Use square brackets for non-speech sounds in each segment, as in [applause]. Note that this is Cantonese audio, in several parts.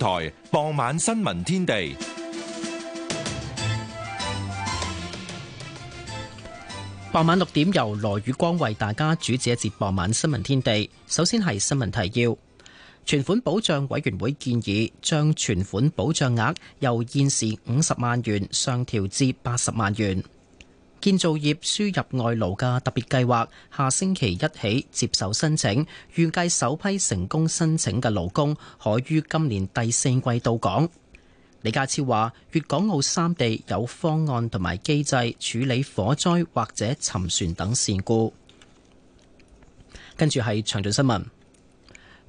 台傍晚新聞天地，傍晚六點由羅宇光為大家主持一節傍晚新聞天地。首先係新聞提要，存款保障委員會建議將存款保障額由現時五十萬元上調至八十萬元。建造業輸入外勞嘅特別計劃，下星期一起接受申請，預計首批成功申請嘅勞工可於今年第四季到港。李家超話，粵港澳三地有方案同埋機制處理火災或者沉船等事故。跟住係詳盡新聞。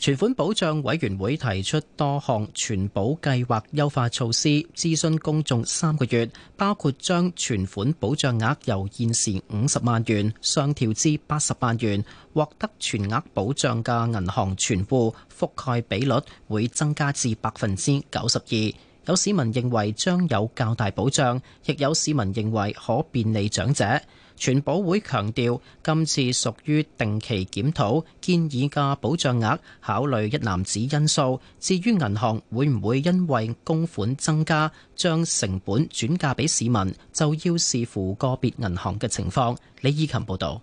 存款保障委員會提出多項存保計劃優化措施，諮詢公眾三個月，包括將存款保障額由現時五十萬元上調至八十萬元，獲得全額保障嘅銀行存戶覆蓋比率會增加至百分之九十二。有市民認為將有較大保障，亦有市民認為可便利長者。存保會強調，今次屬於定期檢討建議嘅保障額，考慮一籃子因素。至於銀行會唔會因為供款增加，將成本轉嫁俾市民，就要視乎個別銀行嘅情況。李依琴報導。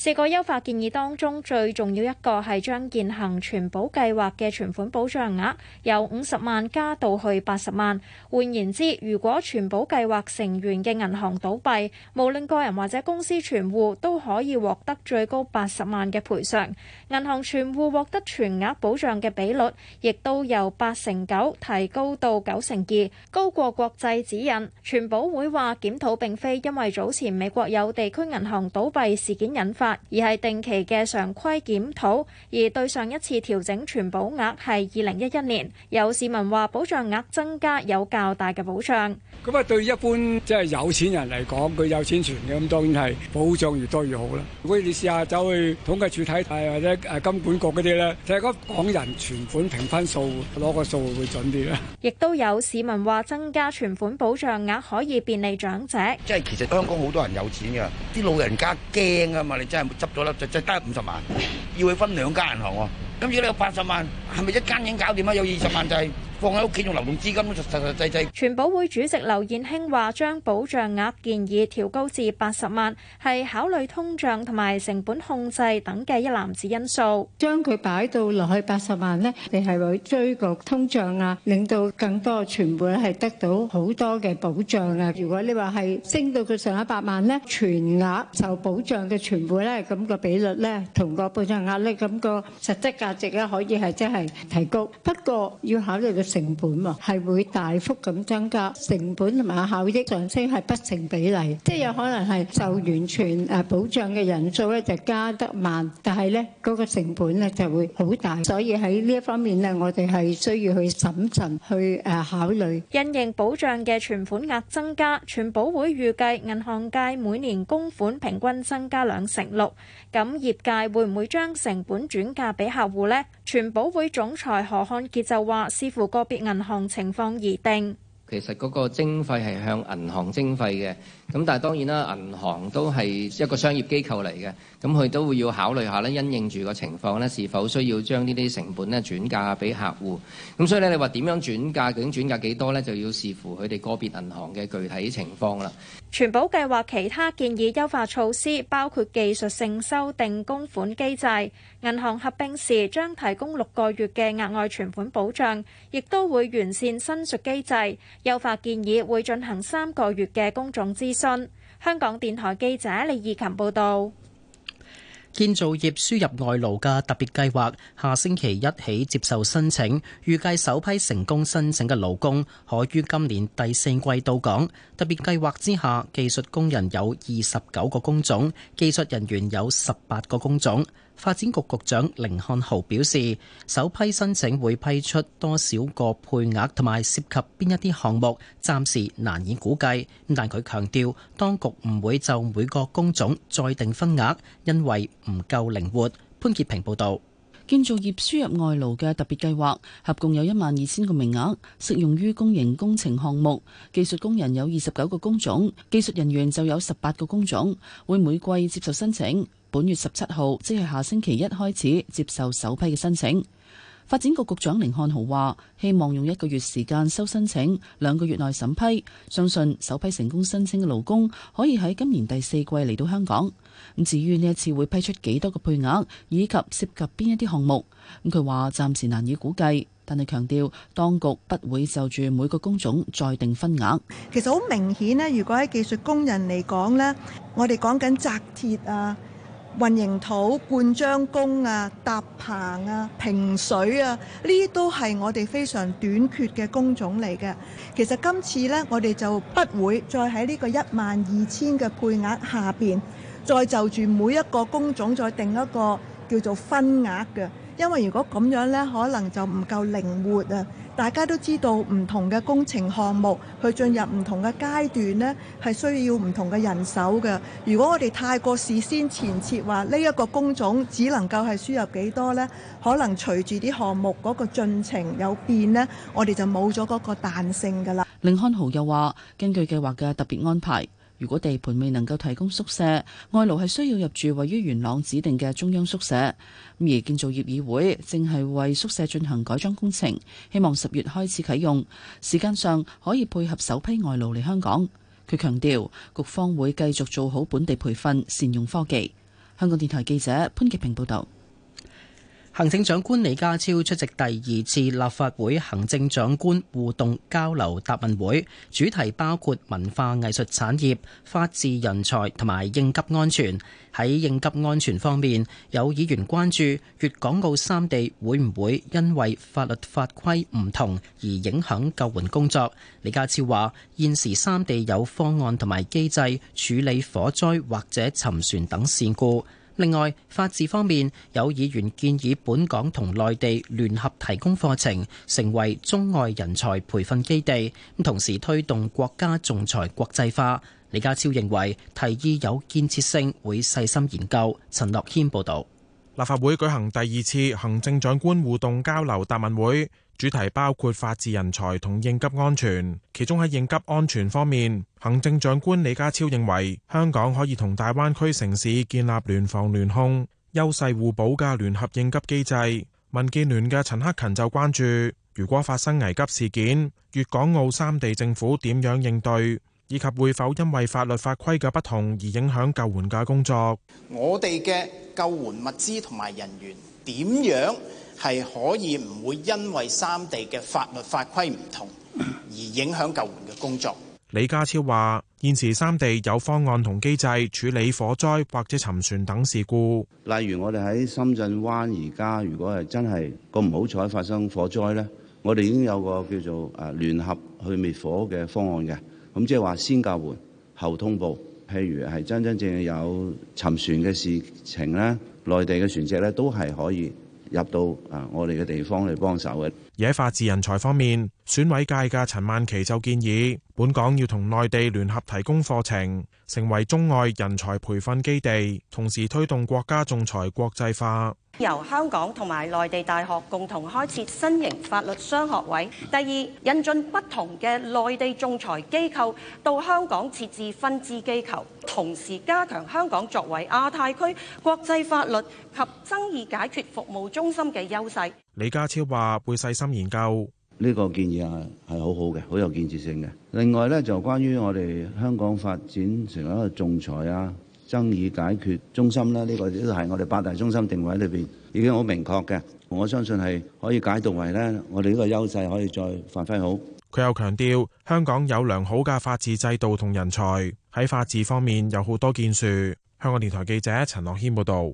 四個優化建議當中最重要一個係將現行存保計劃嘅存款保障額由五十萬加到去八十萬。換言之，如果存保計劃成員嘅銀行倒閉，無論個人或者公司存戶都可以獲得最高八十萬嘅賠償。銀行存戶獲得全額保障嘅比率，亦都由八成九提高到九成二，高過國際指引。存保會話檢討並非因為早前美國有地區銀行倒閉事件引發。而係定期嘅常規檢討，而對上一次調整存保額係二零一一年。有市民話保障額增加有較大嘅保障。咁啊，對一般即係有錢人嚟講，佢有錢存嘅，咁當然係保障越多越好啦。如果你試下走去統計處睇，睇，或者誒金管局嗰啲咧，就係個港人存款平均數攞個數會準啲啦。亦都有市民話增加存款保障額可以便利長者。即係其實香港好多人有錢㗎，啲老人家驚啊嘛，你執咗啦，就就得五十萬，要佢分兩家銀行喎。咁如果你有八十萬，係咪一間已經搞掂啦？有二十萬就係、是。放喺屋企用流動資金都實實際際。全保會主席劉燕卿話：將保障額建議調高至八十萬，係考慮通脹同埋成本控制等嘅一籃子因素。將佢擺到落去八十萬咧，你係會追擊通脹啊，令到更多嘅存款係得到好多嘅保障啊！如果你話係升到佢上一百萬咧，全額受保障嘅存款咧，咁個比率咧同個保障額咧，咁個實質價值咧可以係即係提高。不過要考慮嘅。成本啊係會大幅咁增加，成本同埋效益上升係不成比例，即係有可能係就完全誒保障嘅人數咧就加得慢，但係咧嗰個成本咧就會好大，所以喺呢一方面咧，我哋係需要去審慎去誒考慮。因應保障嘅存款額增加，全保會預計銀行界每年供款平均增加兩成六。咁業界會唔會將成本轉嫁俾客戶咧？全保會總裁何漢傑就話：視乎各。個別銀行情況而定。其實嗰個徵費係向銀行徵費嘅，咁但係當然啦，銀行都係一個商業機構嚟嘅，咁佢都會要考慮下咧，因應住個情況咧，是否需要將呢啲成本咧轉嫁俾客戶？咁所以咧，你話點樣轉嫁，究竟轉嫁幾多呢？就要視乎佢哋個別銀行嘅具體情況啦。存保計劃其他建議優化措施包括技術性修訂供款機制，銀行合併時將提供六個月嘅額外存款保障，亦都會完善申述機制。優化建議會進行三個月嘅公眾諮詢。香港電台記者李義琴報導，建造業輸入外勞嘅特別計劃下星期一起接受申請，預計首批成功申請嘅勞工可於今年第四季到港。特別計劃之下，技術工人有二十九個工種，技術人員有十八個工種。發展局局長凌漢豪表示，首批申請會批出多少個配額，同埋涉及邊一啲項目，暫時難以估計。但佢強調，當局唔會就每個工種再定分額，因為唔夠靈活。潘潔平報導，建造業輸入外勞嘅特別計劃合共有一萬二千個名額，適用於公營工程項目。技術工人有二十九個工種，技術人員就有十八個工種，會每季接受申請。本月十七號，即係下星期一開始接受首批嘅申請。發展局局長寧漢豪話，希望用一個月時間收申請，兩個月內審批。相信首批成功申請嘅勞工可以喺今年第四季嚟到香港。咁至於呢一次會批出幾多個配額，以及涉及邊一啲項目，咁佢話暫時難以估計，但係強調當局不會就住每個工種再定分額。其實好明顯呢，如果喺技術工人嚟講呢，我哋講緊紮鐵啊，運營土、灌漿工啊、搭棚啊、平水啊，呢啲都係我哋非常短缺嘅工種嚟嘅。其實今次呢，我哋就不會再喺呢個一萬二千嘅配額下邊，再就住每一個工種再定一個叫做分額嘅。因為如果咁樣呢，可能就唔夠靈活啊！大家都知道唔同嘅工程項目去進入唔同嘅階段呢，係需要唔同嘅人手嘅。如果我哋太過事先前設話呢一個工種只能夠係輸入幾多呢，可能隨住啲項目嗰個進程有變呢，我哋就冇咗嗰個彈性㗎啦。林漢豪又話：根據計劃嘅特別安排。如果地盤未能夠提供宿舍，外勞係需要入住位於元朗指定嘅中央宿舍。而建造業議會正係為宿舍進行改裝工程，希望十月開始啟用，時間上可以配合首批外勞嚟香港。佢強調，局方會繼續做好本地培訓，善用科技。香港電台記者潘潔平報道。行政長官李家超出席第二次立法會行政長官互動交流答問會，主題包括文化藝術產業、法治人才同埋應急安全。喺應急安全方面，有議員關注粵港澳三地會唔會因為法律法規唔同而影響救援工作。李家超話，現時三地有方案同埋機制處理火災或者沉船等事故。另外，法治方面，有議員建議本港同內地聯合提供課程，成為中外人才培訓基地，同時推動國家仲裁國際化。李家超認為，提議有建設性，會細心研究。陳樂軒報導。立法會舉行第二次行政長官互動交流答問會，主題包括法治人才同應急安全，其中喺應急安全方面。行政長官李家超認為，香港可以同大灣區城市建立聯防聯控、優勢互補嘅聯合應急機制。民建聯嘅陳克勤就關注，如果發生危急事件，粵港澳三地政府點樣應對，以及會否因為法律法規嘅不同而影響救援嘅工作？我哋嘅救援物資同埋人員點樣係可以唔會因為三地嘅法律法規唔同而影響救援嘅工作？ [coughs] 李家超話：現時三地有方案同機制處理火災或者沉船等事故，例如我哋喺深圳灣而家，如果係真係咁唔好彩發生火災咧，我哋已經有個叫做誒聯合去滅火嘅方案嘅，咁即係話先救援後通報。譬如係真真正正有沉船嘅事情咧，內地嘅船隻咧都係可以入到啊我哋嘅地方嚟幫手嘅。喺法治人才方面，選委界嘅陳曼琪就建議，本港要同內地聯合提供課程。成為中外人才培訓基地，同時推動國家仲裁國際化。由香港同埋內地大學共同開設新型法律雙學位。第二，引進不同嘅內地仲裁機構到香港設置分支機構，同時加強香港作為亞太區國際法律及爭議解決服務中心嘅優勢。李家超話：會細心研究。呢個建議係係好好嘅，好有建設性嘅。另外呢，就關於我哋香港發展成為一個仲裁啊爭議解決中心啦，呢、呢個亦都係我哋八大中心定位裏邊已經好明確嘅。我相信係可以解讀為呢，我哋呢個優勢可以再發揮好。佢又強調，香港有良好嘅法治制度同人才，喺法治方面有好多建樹。香港電台記者陳樂軒報導。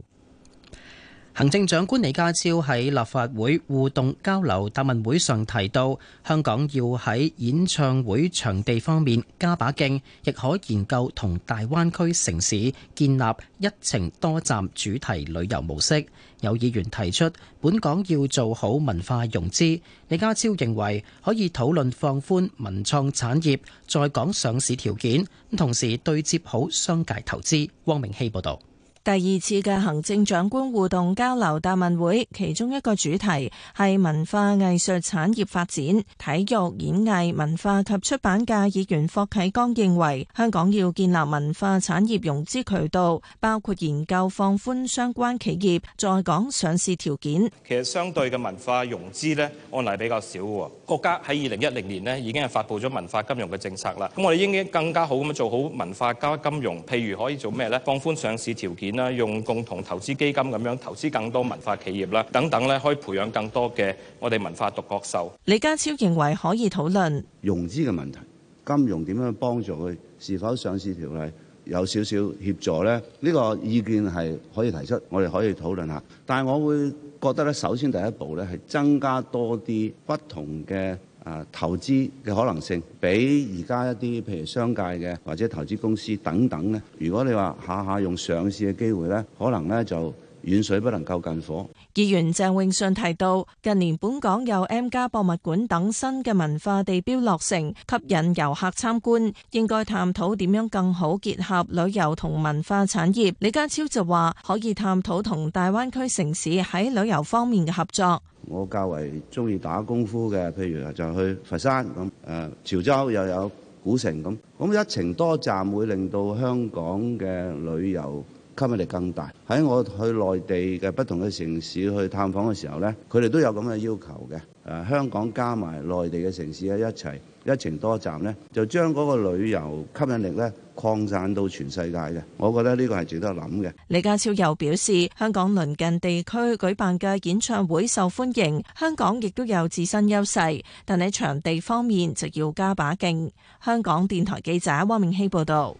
行政長官李家超喺立法會互動交流答問會上提到，香港要喺演唱會場地方面加把勁，亦可研究同大灣區城市建立一程多站主題旅遊模式。有議員提出，本港要做好文化融資，李家超認為可以討論放寬文創產業在港上市條件，同時對接好商界投資。汪明希報道。第二次嘅行政長官互動交流答問會，其中一個主題係文化藝術產業發展。體育演藝文化及出版界議員霍啟剛認為，香港要建立文化產業融資渠道，包括研究放寬相關企業在港上市條件。其實相對嘅文化融資咧，案例比較少嘅。國家喺二零一零年咧，已經係發佈咗文化金融嘅政策啦。咁我哋應該更加好咁樣做好文化加金融，譬如可以做咩咧？放寬上市條件。啦，用共同投資基金咁樣投資更多文化企業啦，等等咧，可以培養更多嘅我哋文化獨角獸。李家超認為可以討論融資嘅問題，金融點樣幫助佢？是否上市條例有少少協助咧？呢、呢個意見係可以提出，我哋可以討論下。但係我會覺得咧，首先第一步咧，係增加多啲不同嘅。啊！投資嘅可能性比而家一啲譬如商界嘅或者投資公司等等咧，如果你話下下用上市嘅機會呢，可能呢就。遠水不能救近火。議員鄭泳舜提到，近年本港有 M+ 博物館等新嘅文化地標落成，吸引遊客參觀，應該探討點樣更好結合旅遊同文化產業。李家超就話，可以探討同大灣區城市喺旅遊方面嘅合作。我較為鍾意打功夫嘅，譬如就去佛山咁，誒潮州又有古城咁，咁一程多站會令到香港嘅旅遊。吸引力更大。喺我去內地嘅不同嘅城市去探訪嘅時候，呢佢哋都有咁嘅要求嘅。誒、啊，香港加埋內地嘅城市咧一齊一程多站呢，就將嗰個旅遊吸引力呢擴散到全世界嘅。我覺得呢個係值得諗嘅。李家超又表示，香港鄰近地區舉辦嘅演唱會受歡迎，香港亦都有自身優勢，但喺場地方面就要加把勁。香港電台記者汪明希報導。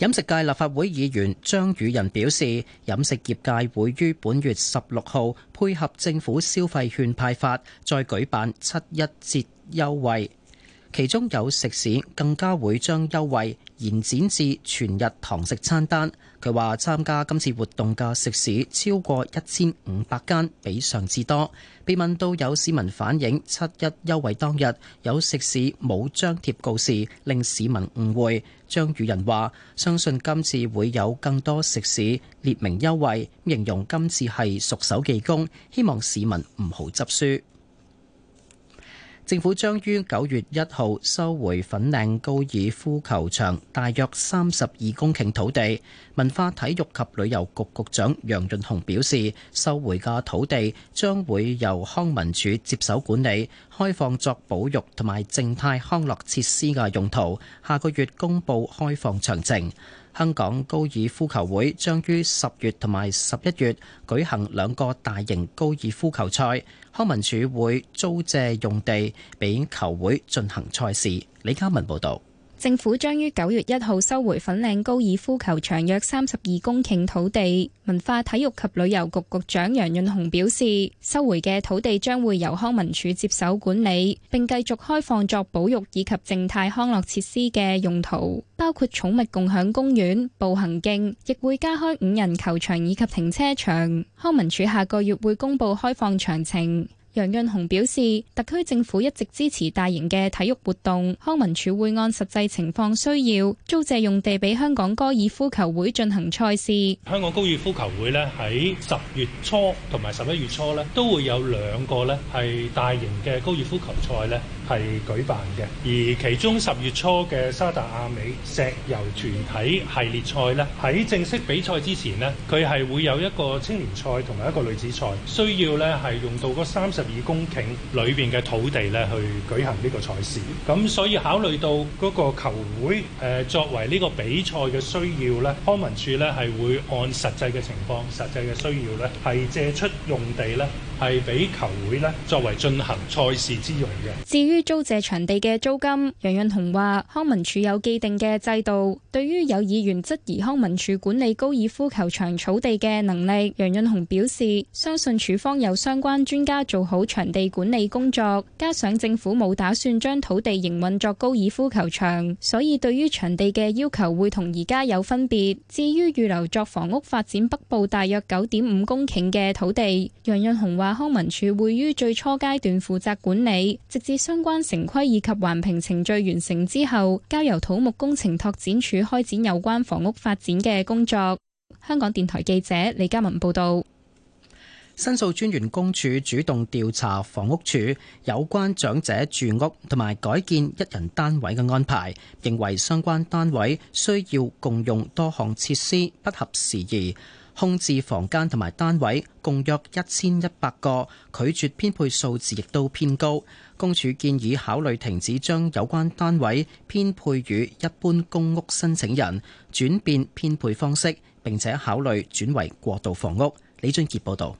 飲食界立法會議員張宇人表示，飲食業界會於本月十六號配合政府消費券派發，再舉辦七一折優惠，其中有食肆更加會將優惠延展至全日堂食餐單。佢話參加今次活動嘅食肆超過一千五百間，比上次多。被問到有市民反映七一優惠當日有食肆冇張貼告示，令市民誤會，張宇人話相信今次會有更多食肆列明優惠，形容今次係熟手技工，希望市民唔好執輸。政府將於九月一號收回粉嶺高爾夫球場大約三十二公頃土地。文化體育及旅遊局局局長楊潤雄表示，收回嘅土地將會由康文署接手管理，開放作保育同埋靜態康樂設施嘅用途。下個月公佈開放詳情。香港高爾夫球會將於十月同埋十一月舉行兩個大型高爾夫球賽。康文署會租借用地俾球會進行賽事。李嘉文報道。政府將於九月一號收回粉嶺高爾夫球場約三十二公頃土地。文化體育及旅遊局局長楊潤雄表示，收回嘅土地將會由康文署接手管理，並繼續開放作保育以及靜態康樂設施嘅用途，包括寵物共享公園、步行徑，亦會加開五人球場以及停車場。康文署下個月會公布開放詳情。楊潤雄表示，特區政府一直支持大型嘅體育活動，康文署會按實際情況需要租借用地俾香港高爾夫球會進行賽事。香港高爾夫球會呢喺十月初同埋十一月初呢都會有兩個呢係大型嘅高爾夫球賽呢。係舉辦嘅，而其中十月初嘅沙特亞美石油團體系列賽呢，喺正式比賽之前呢，佢係會有一個青年賽同埋一個女子賽，需要呢係用到嗰三十二公頃裏邊嘅土地呢去舉行呢個賽事。咁所以考慮到嗰個球會誒、呃、作為呢個比賽嘅需要呢，康文署呢係會按實際嘅情況、實際嘅需要呢，係借出用地呢。係俾球會咧作為進行賽事之用嘅。至於租借場地嘅租金，楊潤雄話康文署有既定嘅制度。對於有議員質疑康文署管理高爾夫球場草地嘅能力，楊潤雄表示相信署方有相關專家做好場地管理工作，加上政府冇打算將土地營運作高爾夫球場，所以對於場地嘅要求會同而家有分別。至於預留作房屋發展北部大約九點五公頃嘅土地，楊潤雄話，康文署會於最初階段負責管理，直至相關城規以及環評程序完成之後，交由土木工程拓展署開展有關房屋發展嘅工作。香港電台記者李嘉文報道，申訴專員公署主動調查房屋署有關長者住屋同埋改建一人單位嘅安排，認為相關單位需要共用多項設施，不合時宜。空置房間同埋單位共約一千一百個，拒絕編配數字亦都偏高。公署建議考慮停止將有關單位編配予一般公屋申請人，轉變編配方式，並且考慮轉為過渡房屋。李俊傑報導。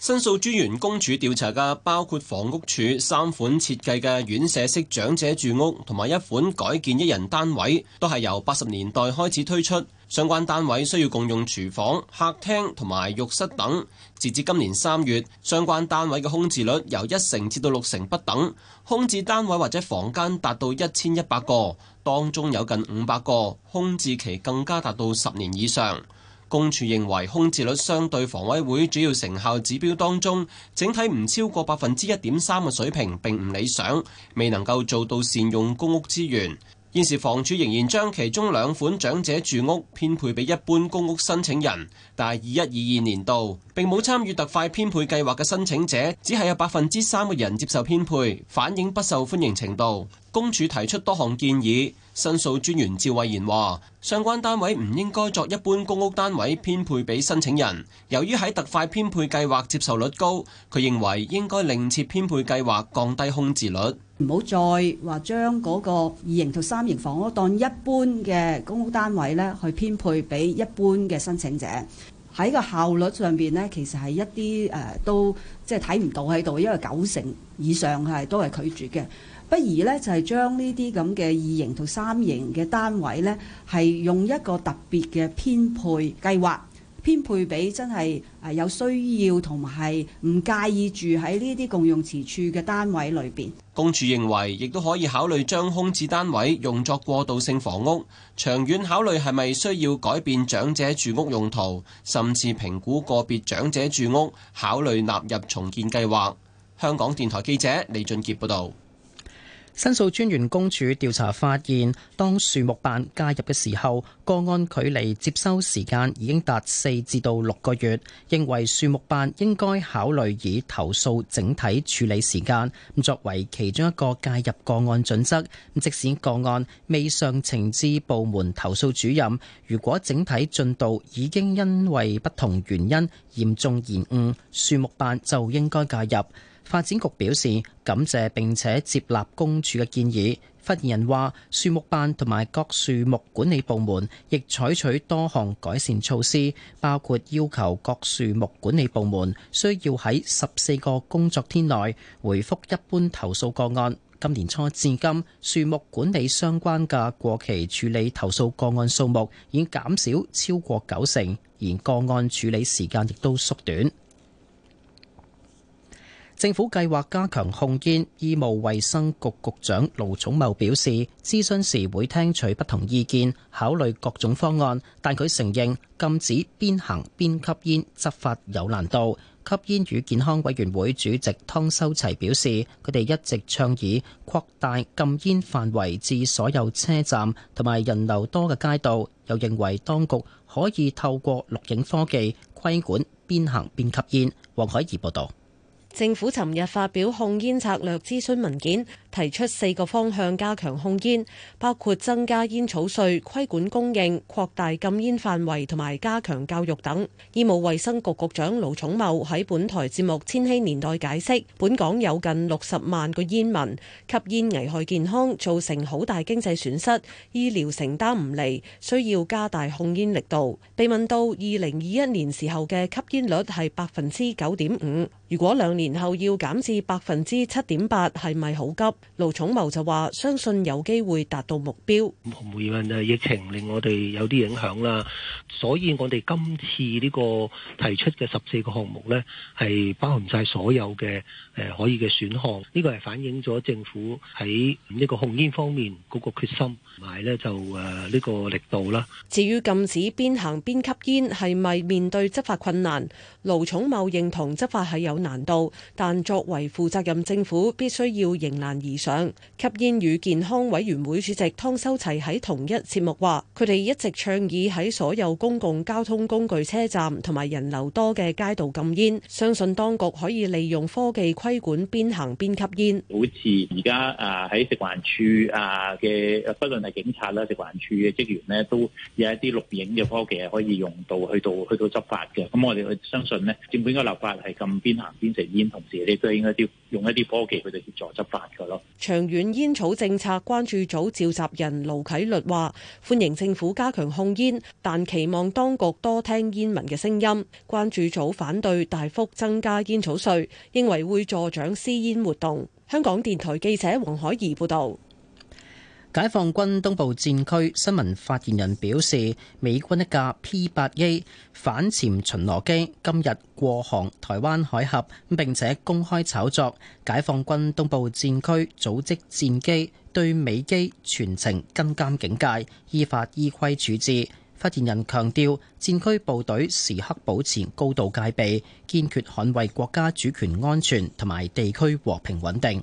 申訴專員公署調查嘅包括房屋署三款設計嘅院舍式長者住屋，同埋一款改建一人單位，都係由八十年代開始推出。相關單位需要共用廚房、客廳同埋浴室等。截至今年三月，相關單位嘅空置率由一成至到六成不等，空置單位或者房間達到一千一百個，當中有近五百個空置期更加達到十年以上。公署認為空置率相對房委會主要成效指標當中，整體唔超過百分之一點三嘅水平並唔理想，未能夠做到善用公屋資源。現時房署仍然將其中兩款長者住屋編配畀一般公屋申請人，但係二一二二年度並冇參與特快編配計劃嘅申請者，只係有百分之三嘅人接受編配，反映不受歡迎程度。公署提出多項建議，申訴專員趙慧賢話：相關單位唔應該作一般公屋單位編配俾申請人。由於喺特快編配計劃接受率高，佢認為應該另設編配計劃，降低空置率。唔好再話將嗰個二型同三型房屋當一般嘅公屋單位呢去編配俾一般嘅申請者。喺個效率上邊呢，其實係一啲誒都即係睇唔到喺度，因為九成以上係都係拒絕嘅。不如呢，就係將呢啲咁嘅二型同三型嘅單位呢，係用一個特別嘅編配計劃編配俾真係誒有需要同係唔介意住喺呢啲共用設處嘅單位裏邊。公署認為，亦都可以考慮將空置單位用作過渡性房屋，長遠考慮係咪需要改變長者住屋用途，甚至評估個別長者住屋，考慮納入重建計劃。香港電台記者李俊傑報導。申訴專員公署調查發現，當樹木辦介入嘅時候，個案距離接收時間已經達四至到六個月，認為樹木辦應該考慮以投訴整體處理時間作為其中一個介入個案準則。即使個案未上呈至部門投訴主任，如果整體進度已經因為不同原因嚴重延誤，樹木辦就應該介入。發展局表示感謝並且接納公署嘅建議。發言人話：樹木辦同埋各樹木管理部門亦採取多項改善措施，包括要求各樹木管理部門需要喺十四個工作天內回覆一般投訴個案。今年初至今，樹木管理相關嘅過期處理投訴個案數目已減少超過九成，而個案處理時間亦都縮短。政府計劃加強控煙，醫務衛生局局長盧寵茂表示，諮詢時會聽取不同意見，考慮各種方案。但佢承認禁止邊行邊吸煙執法有難度。吸煙與健康委員會主席湯修齊表示，佢哋一直倡議擴大禁煙範圍至所有車站同埋人流多嘅街道，又認為當局可以透過錄影科技規管邊行邊吸煙。黃海怡報導。政府尋日發表控煙策略諮詢文件。提出四個方向加強控煙，包括增加煙草稅、規管供應、擴大禁煙範圍同埋加強教育等。醫務衛生局局長盧寵茂喺本台節目《千禧年代》解釋，本港有近六十萬個煙民，吸煙危害健康，造成好大經濟損失，醫療承擔唔嚟，需要加大控煙力度。被問到二零二一年時候嘅吸煙率係百分之九點五，如果兩年後要減至百分之七點八，係咪好急？盧寵茂就話：相信有機會達到目標。無論啊，疫情令我哋有啲影響啦，所以我哋今次呢個提出嘅十四個項目呢，係包含晒所有嘅誒可以嘅選項。呢個係反映咗政府喺呢個控煙方面嗰個決心，同埋呢就誒呢個力度啦。至於禁止邊行邊吸煙，係咪面對執法困難？盧重茂認同執法係有難度，但作為負責任政府，必須要迎難而上。吸煙與健康委員會主席湯修齊喺同一節目話，佢哋一直倡議喺所有公共交通工具、車站同埋人流多嘅街道禁煙。相信當局可以利用科技規管邊行邊吸煙。好似而家啊喺食環署啊嘅，不論係警察啦、食環署嘅職員呢，都有一啲錄影嘅科技係可以用到去到去到執法嘅。咁我哋去相信。政府應該立法係禁邊行邊食煙，同時你都係應該要用一啲科技去哋協助執法嘅咯。長遠煙草政策關注組召集人盧啟律話：歡迎政府加強控煙，但期望當局多聽煙民嘅聲音。關注組反對大幅增加煙草稅，認為會助長私煙活動。香港電台記者黃海怡報導。解放軍東部戰區新聞發言人表示，美軍一架 P 八 A 反潛巡邏機今日過航台灣海峽，並且公開炒作解放軍東部戰區組織戰機對美機全程跟監警戒，依法依規處置。發言人強調，戰區部隊時刻保持高度戒備，堅決捍衛國家主權安全同埋地區和平穩定。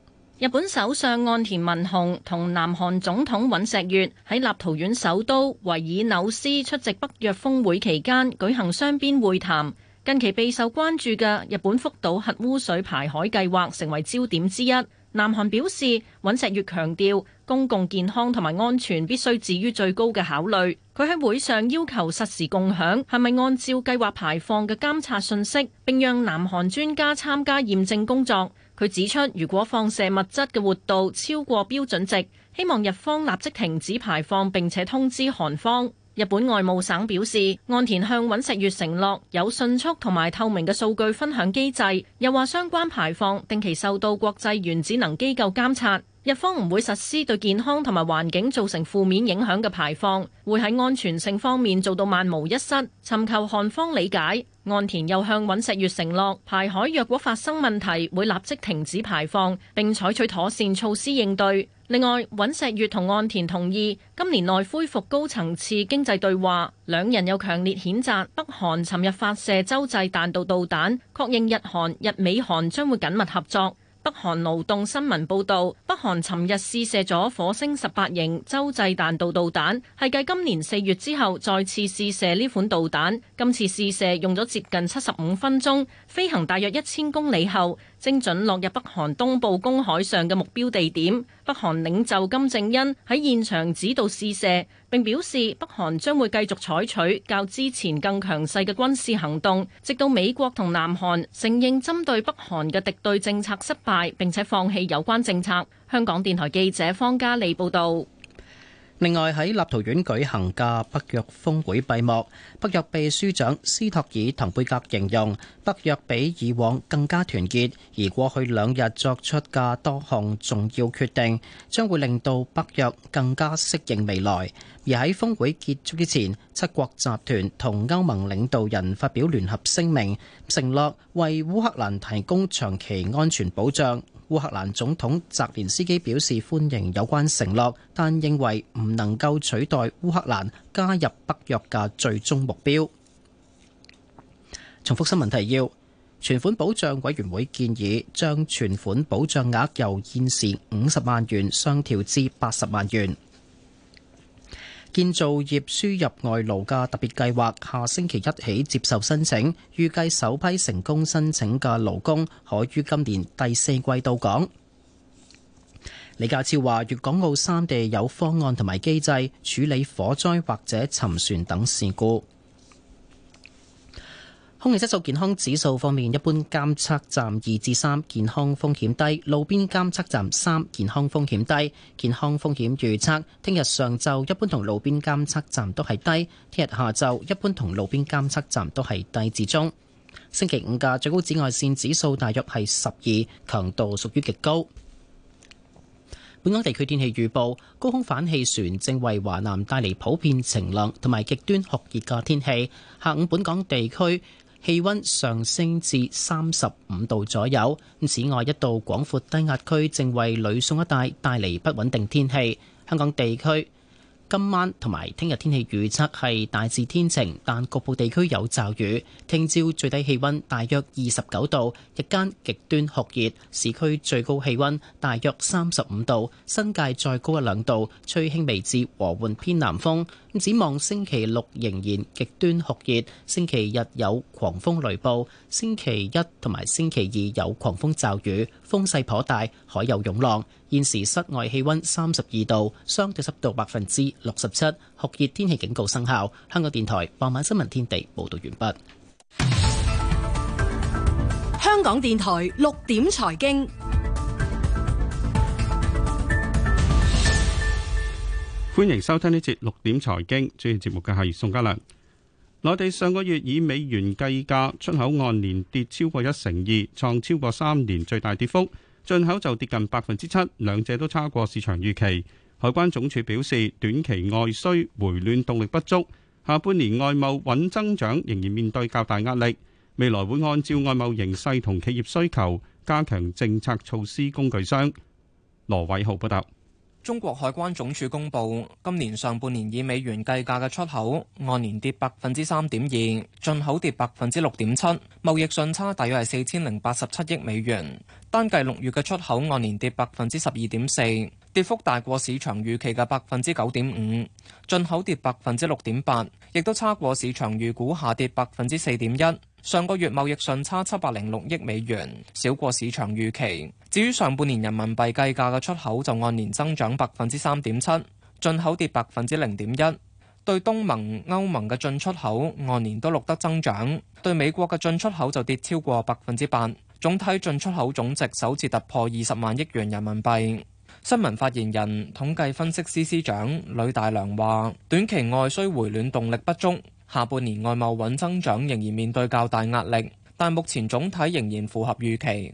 日本首相岸田文雄同南韓總統尹錫悅喺立陶宛首都維爾紐斯出席北約峰會期間舉行雙邊會談。近期備受關注嘅日本福島核污水排海計劃成為焦點之一。南韓表示，尹錫悅強調公共健康同埋安全必須置於最高嘅考慮。佢喺會上要求實時共享係咪按照計劃排放嘅監察信息，並讓南韓專家參加驗證工作。佢指出，如果放射物質嘅活度超過標準值，希望日方立即停止排放並且通知韓方。日本外務省表示，岸田向尹錫悅承諾有迅速同埋透明嘅數據分享機制，又話相關排放定期受到國際原子能機構監察。日方唔會實施對健康同埋環境造成負面影響嘅排放，會喺安全性方面做到萬無一失，尋求韓方理解。岸田又向尹錫悅承諾，排海若果發生問題，會立即停止排放並採取妥善措施應對。另外，尹錫悅同岸田同意今年內恢復高層次經濟對話。兩人又強烈譴責北韓尋日發射洲際彈道導彈，確認日韓、日美韓將會緊密合作。北韓勞動新聞報導，北韓尋日試射咗火星十八型洲際彈道導彈，係繼今年四月之後再次試射呢款導彈。今次試射用咗接近七十五分鐘，飛行大約一千公里後，精準落入北韓東部公海上嘅目標地點。北韓領袖金正恩喺現場指導試射。並表示北韓將會繼續採取較之前更強勢嘅軍事行動，直到美國同南韓承認針對北韓嘅敵對政策失敗，並且放棄有關政策。香港電台記者方嘉莉報導。另外喺立陶宛舉行嘅北約峰會閉幕，北約秘書長斯托爾滕貝格形容北約比以往更加團結，而過去兩日作出嘅多項重要決定，將會令到北約更加適應未來。而喺峰會結束之前，七國集團同歐盟領導人發表聯合聲明，承諾為烏克蘭提供長期安全保障。烏克蘭總統澤連斯基表示歡迎有關承諾，但認為唔能夠取代烏克蘭加入北約嘅最終目標。重複新聞提要：存款保障委員會建議將存款保障額由現時五十萬元上調至八十萬元。建造業輸入外勞嘅特別計劃下星期一起接受申請，預計首批成功申請嘅勞工可於今年第四季到港。李家超話，粵港澳三地有方案同埋機制處理火災或者沉船等事故。空氣質素健康指數方面，一般監測站二至三，健康風險低；路邊監測站三，健康風險低。健康風險預測：聽日上晝一般同路邊監測站都係低；聽日下晝一般同路邊監測站都係低至中。星期五嘅最高紫外線指數大約係十二，強度屬於極高。本港地區天氣預報：高空反氣旋正為華南帶嚟普遍晴朗同埋極端酷熱嘅天氣。下午本港地區。氣溫上升至三十五度左右。此外，一道廣闊低壓區正為呂宋一帶帶嚟不穩定天氣，香港地區。今晚同埋聽日天氣預測係大致天晴，但局部地區有驟雨。聽朝最低氣溫大約二十九度，日間極端酷熱，市區最高氣溫大約三十五度，新界再高一兩度，吹輕微至和緩偏南風。展望星期六仍然極端酷熱，星期日有狂風雷暴，星期一同埋星期二有狂風驟雨。風勢頗大，海有湧浪。現時室外氣溫三十二度，相對濕度百分之六十七，酷熱天氣警告生效。香港電台傍晚新聞天地報道完畢。香港電台六點財經，歡迎收聽呢節六點財經。主持節目嘅係宋家良。內地上個月以美元計價出口按年跌超過一成二，創超過三年最大跌幅；進口就跌近百分之七，兩者都差過市場預期。海關總署表示，短期外需回暖動力不足，下半年外貿穩增長仍然面對較大壓力。未來會按照外貿形勢同企業需求加強政策措施工具箱。羅偉浩報道。中國海關總署公布，今年上半年以美元計價嘅出口按年跌百分之三點二，進口跌百分之六點七，貿易順差大約係四千零八十七億美元。單計六月嘅出口按年跌百分之十二點四，跌幅大過市場預期嘅百分之九點五，進口跌百分之六點八，亦都差過市場預估下跌百分之四點一。上個月貿易順差七百零六億美元，少過市場預期。至於上半年人民幣計價嘅出口就按年增長百分之三點七，進口跌百分之零點一。對東盟、歐盟嘅進出口按年都錄得增長，對美國嘅進出口就跌超過百分之八。總體進出口總值首次突破二十萬億元人民幣。新聞發言人、統計分析司司長呂大良話：短期外需回暖動力不足，下半年外貿穩增長仍然面對較大壓力，但目前總體仍然符合預期。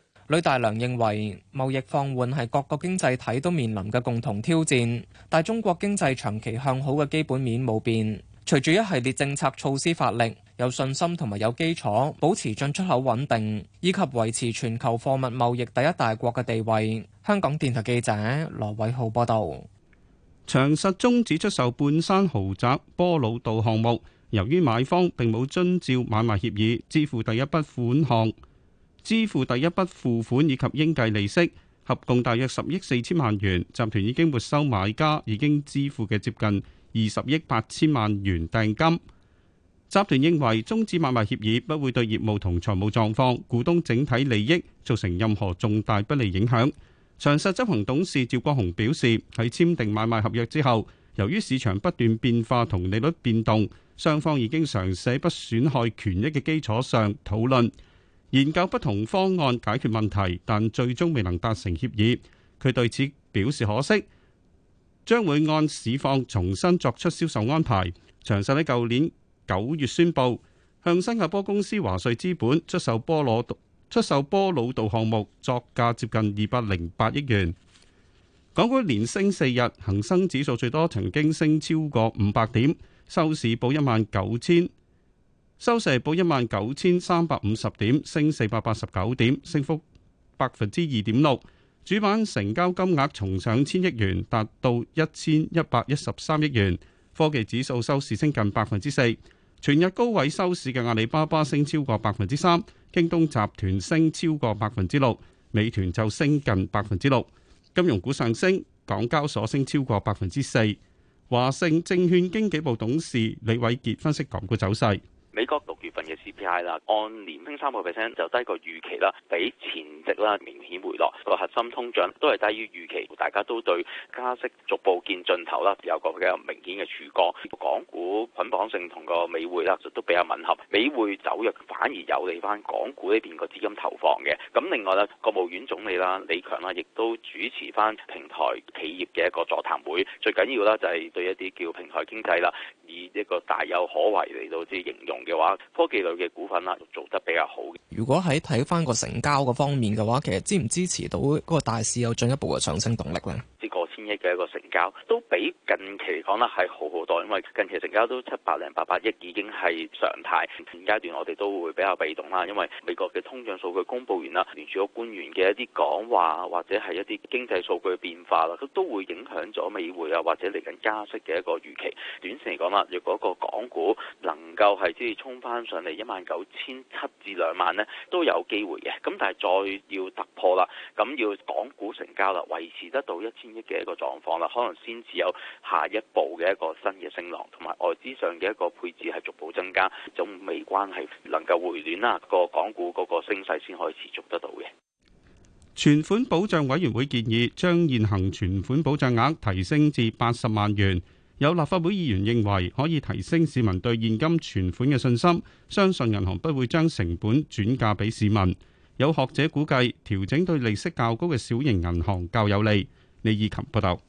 呂大良認為，貿易放緩係各個經濟體都面臨嘅共同挑戰，但中國經濟長期向好嘅基本面冇變，隨住一系列政策措施發力，有信心同埋有基礎，保持進出口穩定，以及維持全球貨物貿易第一大國嘅地位。香港電台記者羅偉浩報道：長實終止出售半山豪宅波老道項目，由於買方並冇遵照買賣協議支付第一筆款項。支付第一筆付款以及應計利息，合共大約十億四千萬元。集團已經沒收買家已經支付嘅接近二十億八千萬元訂金。集團認為終止買賣協議不會對業務同財務狀況、股東整體利益造成任何重大不利影響。長實執行董事趙國雄表示：喺簽訂買賣合約之後，由於市場不斷變化同利率變動，雙方已經嘗試不損害權益嘅基礎上討論。研究不同方案解決問題，但最終未能達成協議，佢對此表示可惜，將會按市況重新作出銷售安排。詳細喺舊年九月宣布，向新加坡公司華瑞資本出售波老道出售波老道項目，作價接近二百零八億元。港股連升四日，恒生指數最多曾經升超過五百點，收市報一萬九千。收市報一萬九千三百五十點，升四百八十九點，升幅百分之二點六。主板成交金額重上千億元，達到一千一百一十三億元。科技指數收市升近百分之四。全日高位收市嘅阿里巴巴升超過百分之三，京東集團升超過百分之六，美團就升近百分之六。金融股上升，港交所升超過百分之四。華盛證券經紀部董事李偉傑分析港股走勢。美國六月份嘅 CPI 啦，按年升三個 percent 就低過預期啦，比前值啦明顯回落。個核心通脹都係低於預期，大家都對加息逐步見盡頭啦，有個比較明顯嘅曙光。港股捆綁性同個美匯啦，都比較吻合。美匯走弱反而有利翻港股呢邊個資金投放嘅。咁另外啦，國務院總理啦李強啦，亦都主持翻平台企業嘅一個座談會。最緊要啦，就係對一啲叫平台經濟啦，以一個大有可為嚟到之形容。嘅話，科技類嘅股份啦、啊，做得比較好。如果喺睇翻個成交方面嘅話，其實支唔支持到嗰個大市有進一步嘅上升動力咧？超過千億嘅一個都比近期嚟講啦係好好多，因為近期成交都七百零八百億已經係常態，前階段我哋都會比較被動啦，因為美國嘅通脹數據公布完啦，聯儲局官員嘅一啲講話或者係一啲經濟數據變化啦，都都會影響咗美匯啊，或者嚟緊加息嘅一個預期。短時嚟講啦，若果個港股能夠係即係衝翻上嚟一萬九千七至兩萬呢，00, 都有機會嘅。咁但係再要突破啦，咁要港股成交啦，維持得到一千億嘅一個狀況啦，可能。先至有下一步嘅一個新嘅升浪，同埋外資上嘅一個配置係逐步增加，中美關係能夠回暖啦，個港股嗰個升勢先可以持續得到嘅。存款保障委員會建議將現行存款保障額提升至八十萬元。有立法會議員認為可以提升市民對現金存款嘅信心，相信銀行不會將成本轉嫁俾市民。有學者估計調整對利息較高嘅小型銀行較有利。李以琴報道。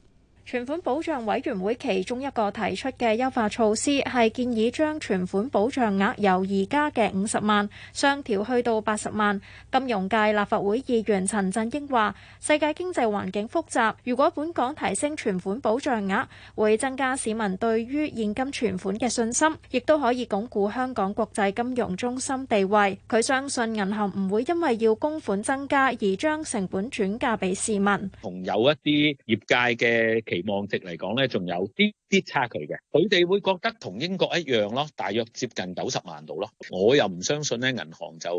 存款保障委員會其中一個提出嘅優化措施係建議將存款保障額由而家嘅五十萬上調去到八十萬。金融界立法會議員陳振英話世界經濟環境複雜，如果本港提升存款保障額會增加市民對於現金存款嘅信心，亦都可以鞏固香港國際金融中心地位。佢相信銀行唔會因為要供款增加而將成本轉嫁俾市民。同有一啲業界嘅。期望值嚟講咧，仲有啲啲差距嘅。佢哋會覺得同英國一樣咯，大約接近九十萬度咯。我又唔相信咧，銀行就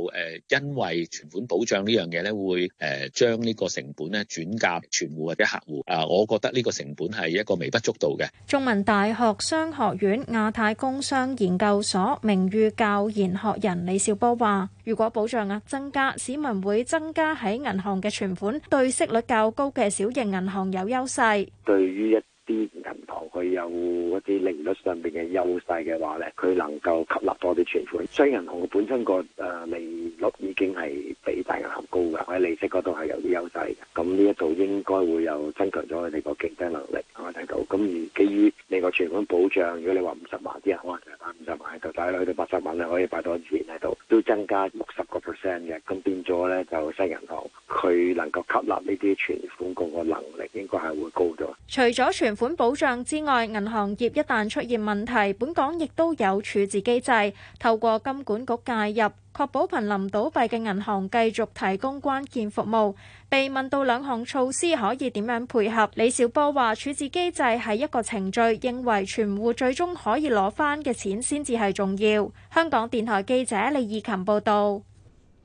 誒因為存款保障呢樣嘢咧，會誒將呢個成本咧轉嫁存戶或者客戶啊。我覺得呢個成本係一個微不足道嘅。中文大學商學院亞太工商研究所名譽教研學人李兆波話，如果保障額增加，市民會增加喺銀行嘅存款，對息率較高嘅小型銀行有優勢。對於一啲銀行，佢有一啲利率上邊嘅優勢嘅話咧，佢能夠吸納多啲存款。新銀行佢本身個誒利率已經係比大銀行高嘅，喺利息嗰度係有啲優勢。咁呢一度應該會有增強咗你個競爭能力。係咪睇到咁，基於你個存款保障，如果你話五十萬啲人可能就係五十萬喺度，但係去到八十萬咧可以擺多錢喺度，都增加六十個 percent 嘅。咁變咗咧就新銀行佢能夠吸納呢啲存款個個能力，應該係會高咗。除咗存款保障之外，銀行業一旦出現問題，本港亦都有處置機制，透過金管局介入，確保瀕臨倒閉嘅銀行繼續提供關鍵服務。被問到兩項措施可以點樣配合，李小波話，處置機制係一個程序，認為存戶最終可以攞翻嘅錢先至係重要。香港電台記者李義琴報道。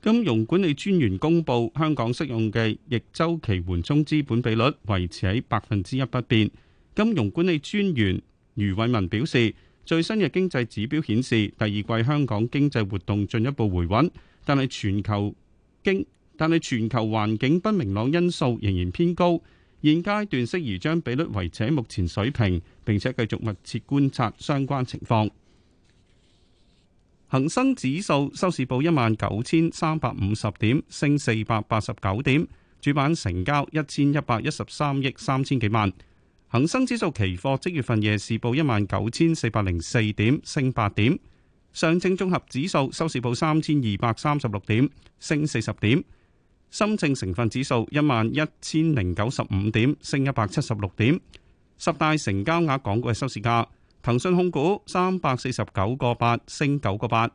金融管理專員公布，香港適用嘅逆周期緩衝資本比率維持喺百分之一不變。金融管理專員余偉文表示，最新嘅經濟指標顯示，第二季香港經濟活動進一步回穩，但係全球經但係全球環境不明朗因素仍然偏高，現階段適宜將比率維持喺目前水平，並且繼續密切觀察相關情況。恒生指數收市報一萬九千三百五十點，升四百八十九點，主板成交一千一百一十三億三千幾萬。恒生指數期貨即月份夜市報一萬九千四百零四點，升八點。上證綜合指數收市報三千二百三十六點，升四十點。深證成分指數一萬一千零九十五點，升一百七十六點。十大成交額港股嘅收市價。騰訊控股三百四十九個八升九個八，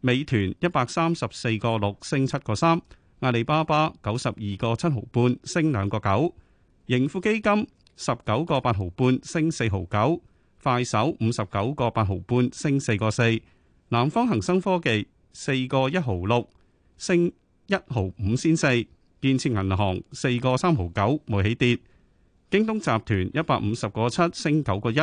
美團一百三十四個六升七個三，阿里巴巴九十二個七毫半升兩個九，盈富基金十九個八毫半升四毫九，快手五十九個八毫半升四個四，南方恒生科技四個一毫六升一毫五先四，建設銀行四個三毫九冇起跌，京東集團一百五十個七升九個一。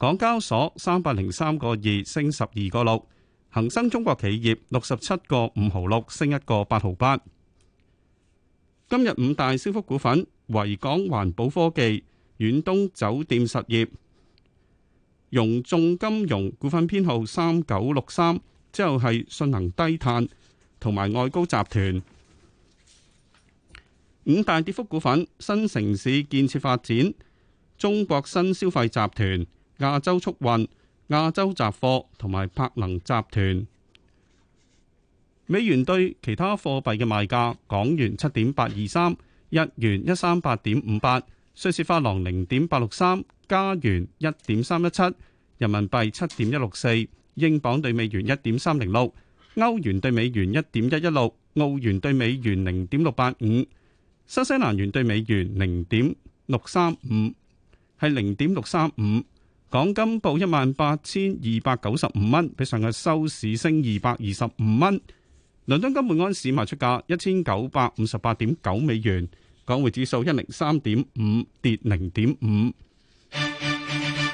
港交所三百零三個二升十二個六，恒生中國企業六十七個五毫六升一個八毫八。今日五大升幅股份：維港環保科技、遠東酒店實業、融眾金融股份編號三九六三，之後係信行低碳同埋外高集團。五大跌幅股份：新城市建設發展、中國新消費集團、亞洲速運、亞洲雜貨同埋柏能集團。美元兌其他貨幣嘅賣價：港元七點八二三，日元一三八點五八，瑞士法郎零點八六三，加元一點三一七，人民幣七點一六四，英鎊兌美元一點三零六，歐元兌美元一點一一六，澳元兌美元零點六八五，新西蘭元兌美元零點六三五，係零點六三五。港金報一萬八千二百九十五蚊，比上日收市升二百二十五蚊。倫敦金每盎司賣出價一千九百五十八點九美元，港匯指數一零三點五，跌零點五。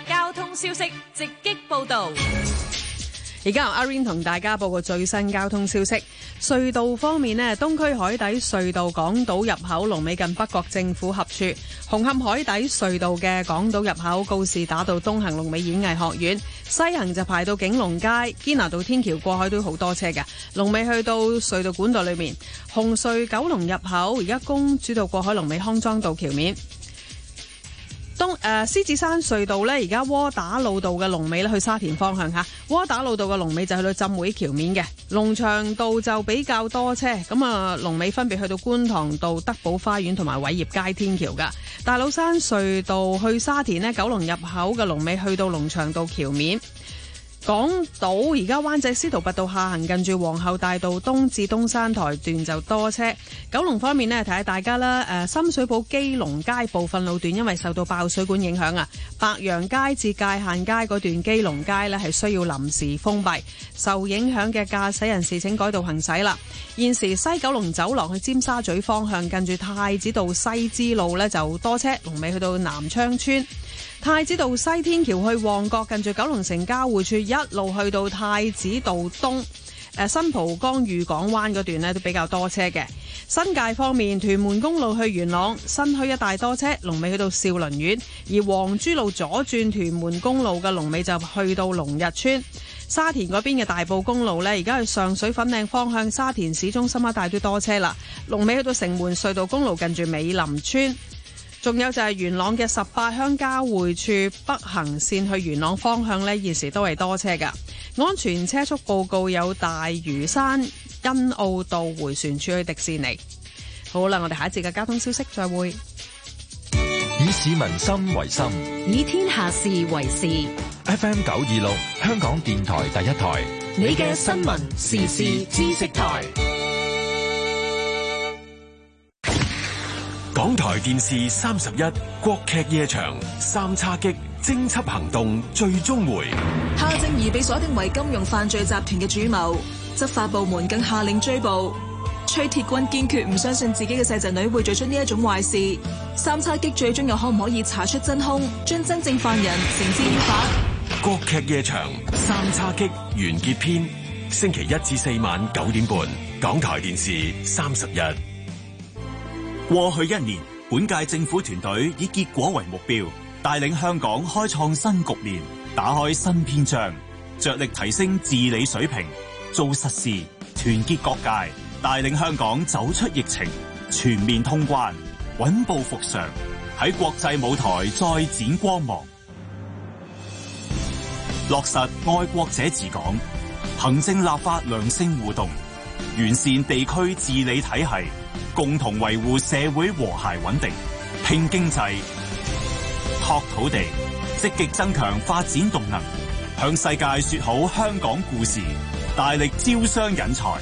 交通消息，直擊報道。而家由阿 rain 同大家報個最新交通消息。隧道方面咧，東區海底隧道港島入口龍尾近北角政府合署，紅磡海底隧道嘅港島入口告士打道東行龍尾演藝學院，西行就排到景隆街堅拿道天橋，過海都好多車嘅龍尾去到隧道管道裏面。紅隧九龍入口而家公主道過海龍尾康莊道橋面。東、呃、獅子山隧道咧，而家窩打老道嘅龍尾咧去沙田方向吓，窩打老道嘅龍尾就去到浸會橋面嘅龍翔道就比較多車，咁啊龍尾分別去到觀塘道德寶花園同埋偉業街天橋噶。大老山隧道去沙田咧，九龍入口嘅龍尾去到龍翔道橋面。港島而家灣仔司徒拔道下行近住皇后大道東至東山台段就多車。九龍方面呢，提下大家啦。誒，深水埗基隆街部分路段因為受到爆水管影響啊，白楊街至界限街嗰段基隆街呢係需要臨時封閉，受影響嘅駕駛人士請改道行駛啦。現時西九龍走廊去尖沙咀方向近住太子道西支路呢就多車，龍尾去到南昌村。太子道西天橋去旺角近住九龍城交匯處，一路去到太子道東，誒、新蒲崗、御港灣嗰段咧都比較多車嘅。新界方面，屯門公路去元朗新墟一帶多車，龍尾去到兆麟苑；而黃珠路左轉屯門公路嘅龍尾就去到龍日村。沙田嗰邊嘅大埔公路呢，而家去上水粉嶺方向沙田市中心一帶都多車啦，龍尾去到城門隧道公路近住美林村。仲有就係元朗嘅十八鄉交匯處北行線去元朗方向呢，現時都係多車噶。安全車速報告有大嶼山欣澳道回旋處去迪士尼。好啦，我哋下一節嘅交通消息再會。以市民心為心，以天下事為事。F M 九二六，香港電台第一台，你嘅新聞時事知識台。台電視三十一國劇夜場三叉戟偵緝行動最終回，夏正怡被鎖定為金融犯罪集團嘅主謀，執法部門更下令追捕。崔鐵軍堅決唔相信自己嘅細侄女會做出呢一種壞事。三叉戟最終又可唔可以查出真凶，將真正犯人繩之以法？國劇夜場三叉戟完結篇，星期一至四晚九點半，港台電視三十一。過去一年，本屆政府團隊以結果為目標，帶領香港開創新局面，打開新篇章，着力提升治理水平，做實事，團結各界，帶領香港走出疫情，全面通關，穩步復常，喺國際舞台再展光芒。落實愛國者治港，行政立法良性互動，完善地區治理體系。共同維護社會和諧穩定，拼經濟、拓土地，積極增強發展動能，向世界說好香港故事，大力招商引才，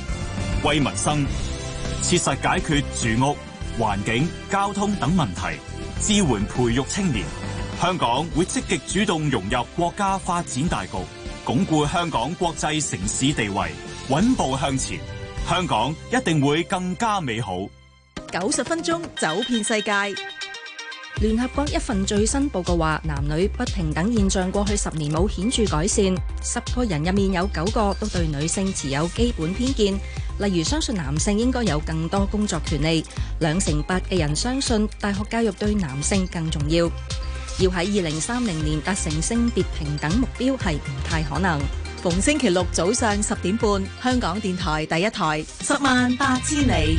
為民生，切實解決住屋、環境、交通等問題，支援培育青年。香港會積極主動融入國家發展大局，鞏固香港國際城市地位，穩步向前。香港一定會更加美好。九十分鐘走遍世界。聯合國一份最新報告話，男女不平等現象過去十年冇顯著改善。十個人入面有九個都對女性持有基本偏見，例如相信男性應該有更多工作權利。兩成八嘅人相信大學教育對男性更重要。要喺二零三零年達成性別平等目標係唔太可能。逢星期六早上十點半，香港電台第一台，十萬八千里。